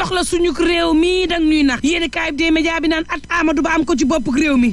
jox la suñu réew mi dang ñuy nax yéen kaay bi dee bi naan at Amadou Ba am ko ci boppu réew mi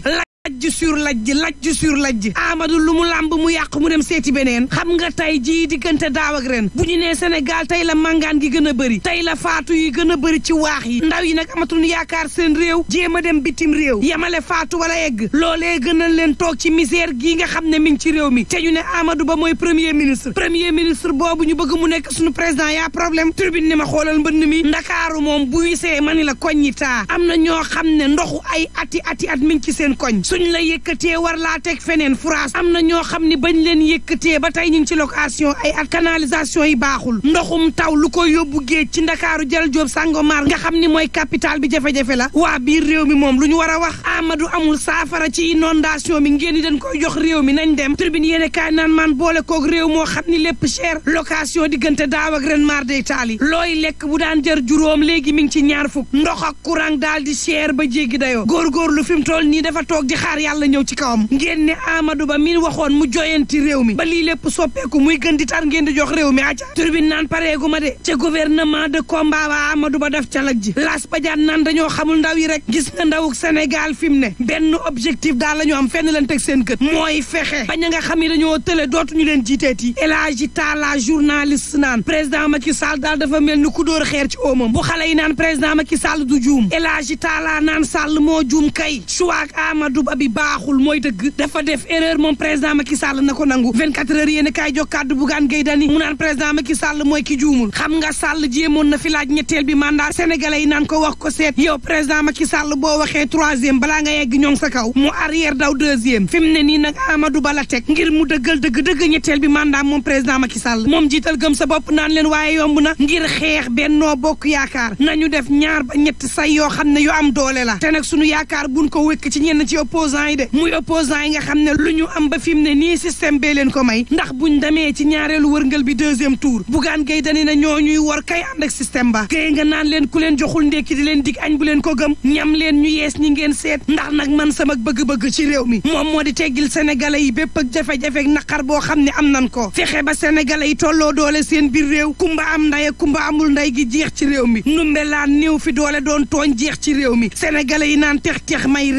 lajj sur lajj lajj sur lajj Amadou lu mu làmb mu yàq mu dem seeti beneen xam nga tey jii diggante daaw bu ñu nee Sénégal tey la màngaan gi gën a bëri tey la faatu yi gën a bëri ci waax yi ndaw yi nag amatuñu yaakaar seen réew jéem a dem bitim réew yamale faatu wala egg loolee gënal leen toog ci misère gii nga xam ne mi ngi ci réew mi te ñu ne Amadou Ba mooy premier ministre premier ministre boobu ñu bëgg mu nekk suñu président yaa problème tribune ni ma xoolal mbënd mi ndakaaru moom bu wisee ma ni la koñ ñi taa am na ñoo xam ne ndoxu ay ati ati at mi ngi ci seen koñ suñ la yëkkatee war laa teg feneen France am na ñoo xam ni bañ leen yëkkatee ba tey ñu ngi ci location ay at canalisation yi ndoxum taw lu ko yóbbu géej ci ndakaaru jël joob nga xam ni mooy capital bi jafe-jafe la waa biir réew mi moom lu ñu war a wax Amadou amul saafara ci inondation bi ngeen di dañ koy jox réew mi nañ dem tribune yéene kaay naan maan boole koog réew moo xam ni cher location diggante daaw ren mar day taali looy lekk bu daan jër juróom léegi mi ngi ci ñaar fukk ndox ak courant daal di cher ba jéggi dayoo góorgóorlu fi mu nii dafa toog di xaar yàlla ñëw ci kawam ngeen ne Amadou Ba mi waxoon mu joyanti réew mi ba lii soppeeku muy gën di tar ngeen di jox réew mi aca turbine naan pareegu ma de ca gouvernement de combat ba Amadou Ba def calag ji las bajaan naan dañoo xamul ndaw yi rek gis nga ndawuk Sénégal fi mu ne benn objectif daal la ñu am fenn leen teg seen kët mooy fexe bañ a nga xam ne dañoo tële dootuñu leen jiiteeti El Hadji Talla journaliste naan président Macky Sall daal dafa mel ni ku dóor xeer ci oomam bu xale yi naan président Macky Sall du juum El Hadji Talla naan Sall moo juum kay choix Amadou bi baaxul mooy dëgg dafa def erreur moom président Macky Sall na ko nangu 24 heures yéen a kaay jox kàddu Bougane Gueye Dany mu naan président Macky Sall mooy ki juumul xam nga Sall jéemoon na fi laaj ñetteel bi mandat sénégalais yi naan ko wax ko seet yow président Macky Sall boo waxee troisième balaa nga yegg ñoŋ sa kaw mu arrière daw deuxième fi mu ne nii nag Amadou Ba la teg ngir mu dëggal dëgg dëgg ñetteel bi mandat moom président Macky Sall moom jiital gëm sa bopp naan leen waaye yomb na ngir xeex bennoo bokk yaakaar nañu def ñaar ba ñett say yoo xam ne yu am doole la te nag sunu yaakaar buñ ko wékk ci ñenn ci ëpp opposant yi de muy opposant yi nga xam ne lu ñu am ba fi mu ne nii système bee leen ko may ndax buñ demee ci ñaareelu wërngël bi deuxième tour bugaan gay dani na ñoo ñuy war kay ànd ak système ba géye nga naan leen ku leen joxul ndékki di leen dig añ bu leen ko gëm ñam leen ñu yees ñi ngeen seet ndax nag man sama bëgg-bëgg ci réew mi moom moo di teggil sénégalais yi bépp ak jafe-jafe ak naqar boo xam ne am nan ko fexe ba sénégalais yi tolloo doole seen bi réew kumba am nday ak kumba amul nday gi jeex ci réew mi numbelaan néew fi doole doon tooñ jeex ci réew mi sénégalais yi naan tex-tex may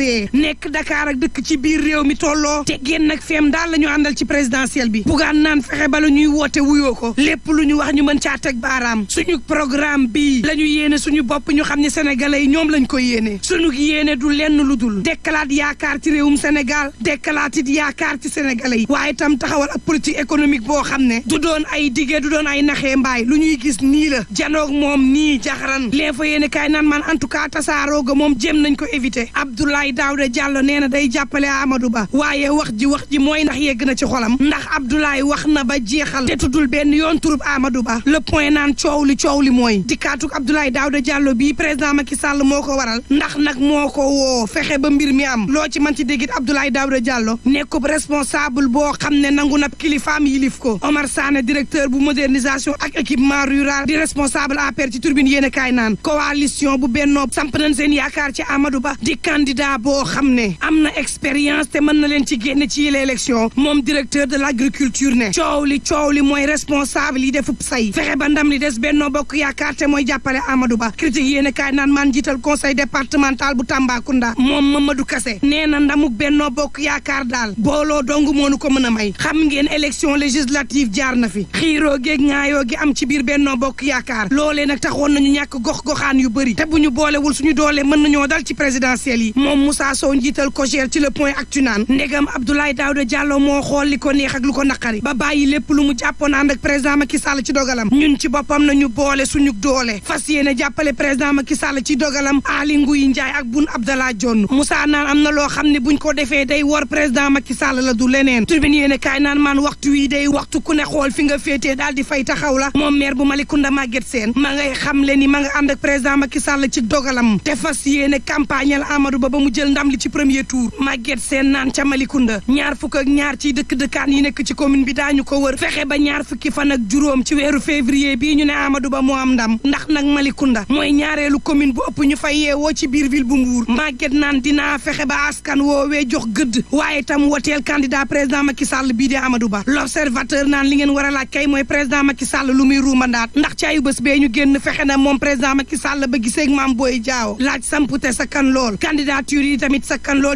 Dakar ak dëkk ci biir réew mi tolloo te génn nag feem daal la ñu àndal ci présidentielle bi bugaan naan fexe ba la ñuy woote wuyoo ko lépp lu ñu wax ñu mën caa teg baaraam suñu programme bii la ñu yéene suñu bopp ñu xam ne sénégalais yi ñoom lañ koy yéene suñu yéene du lenn lu dul dekkalaat yaakaar ci réewum Sénégal dekkalaat it yaakaar ci sénégalais yi waaye tam taxawal ak politique économique boo xam ne du doon ay diggee du doon ay naxee mbaay lu ñuy gis nii la janoog moom nii jaxaran leen fa yéene naan man en tout cas tasaaroo ga moom jëm nañ ko éviter Abdoulaye Daouda Diallo nee nee na day jàppale amadu Ba waaye wax ji wax ji mooy ndax yegg na ci xolam ndax Abdoulaye wax na ba jeexal te tuddul benn yoon turub Amadou Ba le point naan coow li coow li mooy dikkaatug Abdoulaye Daouda Diallo bii président Macky Sall moo ko waral ndax nag moo ko woo fexe ba mbir mi am loo ci mën ci déggit Abdoulaye Daouda Diallo nekkub responsable boo xam ne nangu nag kilifaam yilif ko Omar Sané directeur bu modernisation ak équipement rural di responsable APR ci turbine yéen a kaay naan coalition bu samp seen yaakaar ci Amadou Ba di candidat boo xam ne am na expérience te mën na leen ci génn ci yile élection moom directeur de l' agriculture ne coow li coow li mooy responsable yi defu say fexe ba ndam li des Benno Bokk Yaakaar te mooy jàppale Amadou Ba critique yéen kaay naan maan jiital conseil départemental bu Tambacounda moom Mamadou Kassé nee na ndamuk Benno Bokk Yaakaar daal booloo dong moonu ko mën a may xam ngeen élection législative jaar na fi xiiroo géeg ŋaayoo gi am ci biir Benno Bokk Yaakaar loolee nag taxoon nañu ñàkk gox goxaan yu bëri te bu ñu boolewul suñu doole mën nañoo dal ci présidentielle yi moom Moussa Sow njiital Sococel ci le point actu naan ndegam Abdoulaye Daouda Diallo moo xool li ko neex ak lu ko naqari ba bàyyi lépp lu mu jàppoon ànd président Macky Sall ci dogalam ñun ci boppam nañu boole suñu doole fas yéene jàppale président Macky Sall ci dogalam Aly Ngouille Ndiaye ak Boun Abdallah Dionne Moussa naan am na loo xam ne buñ ko defee day war président Macky Sall la du leneen tribune yéene kaay naan maan waxtu wi day waxtu ku ne xool fi nga féetee daal di fay taxaw la moom maire bu Malicounda Maguette Sène seen ngay xam le ni ma nga ànd ak président Macky Sall ci dogalam te fas yéene campagnal Amadou Ba ba mu jël ndam li ci premier tour Maguette Sène naan ca Malicounda ñaar fukk ak ñaar ci dëkk-dëkkaan yi nekk ci commune bi daañu ko wër fexe ba ñaar fukki fan ak juróom ci weeru février bii ñu ne Amadou Ba moo am ndam ndax nag Malicounda mooy ñaareelu commune bu ëpp ñu fay yeewoo ci biir ville bu Mbour Maguette naan dinaa fexe ba askan woowee jox gëdd waaye tam woteel candidat président Macky Sall bii di Amadou Ba l'observateur naan li ngeen war a laaj kay mooy président Macky Sall lu muy ruumandaat ndax ci ayu bés bee ñu génn fexe na moom président Macky Sall ba giseeg maam booy jaaw laaj sampute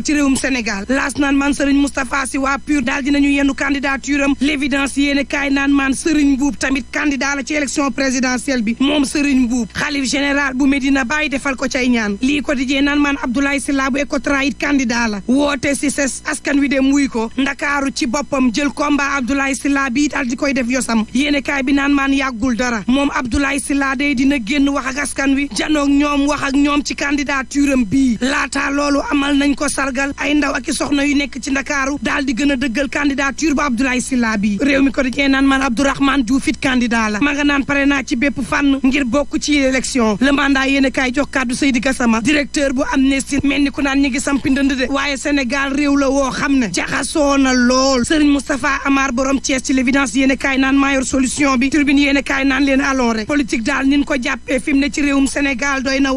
ci réewum Sénégal laas naan man Serigne Moustapha Sy waa PUR daal dinañu yennu candidature am l'évidence yéene kaay naan man Serigne Mbuub tamit candidat la ci élection présidentielle bi moom Serigne Mbuub xalif général bu Medina Baye defal ko cay ñaan lii ko quotidien naan man Abdoulaye Sylla bu Ecotra it candidat la woote si ses askan wi dem wuy ko ndakaaru ci boppam jël combat Abdoulaye Sylla bi daal di koy def yosam yéene kaay bi naan maan yàggul dara moom Abdoulaye Sylla day dina génn wax ak askan wi janoog ñoom wax ak ñoom ci candidature am bii laata sargal ay ndaw ak i soxna yu nekk ci ndakaaru daal di gën a dëggal candidature bu Abdoulaye Sylla bi réew mi ko di naan man Abdourahmane Diouf it candidat la ma nga naan pare naa ci bépp fànn ngir bokk ci élection a kaay jox kàddu Seydi Gassama directeur bu a kaay mayor solution bi tribune yéen a kaay naan leen allons rek politique daal nin ko jàppee fi ne ci réewum Sénégal doy na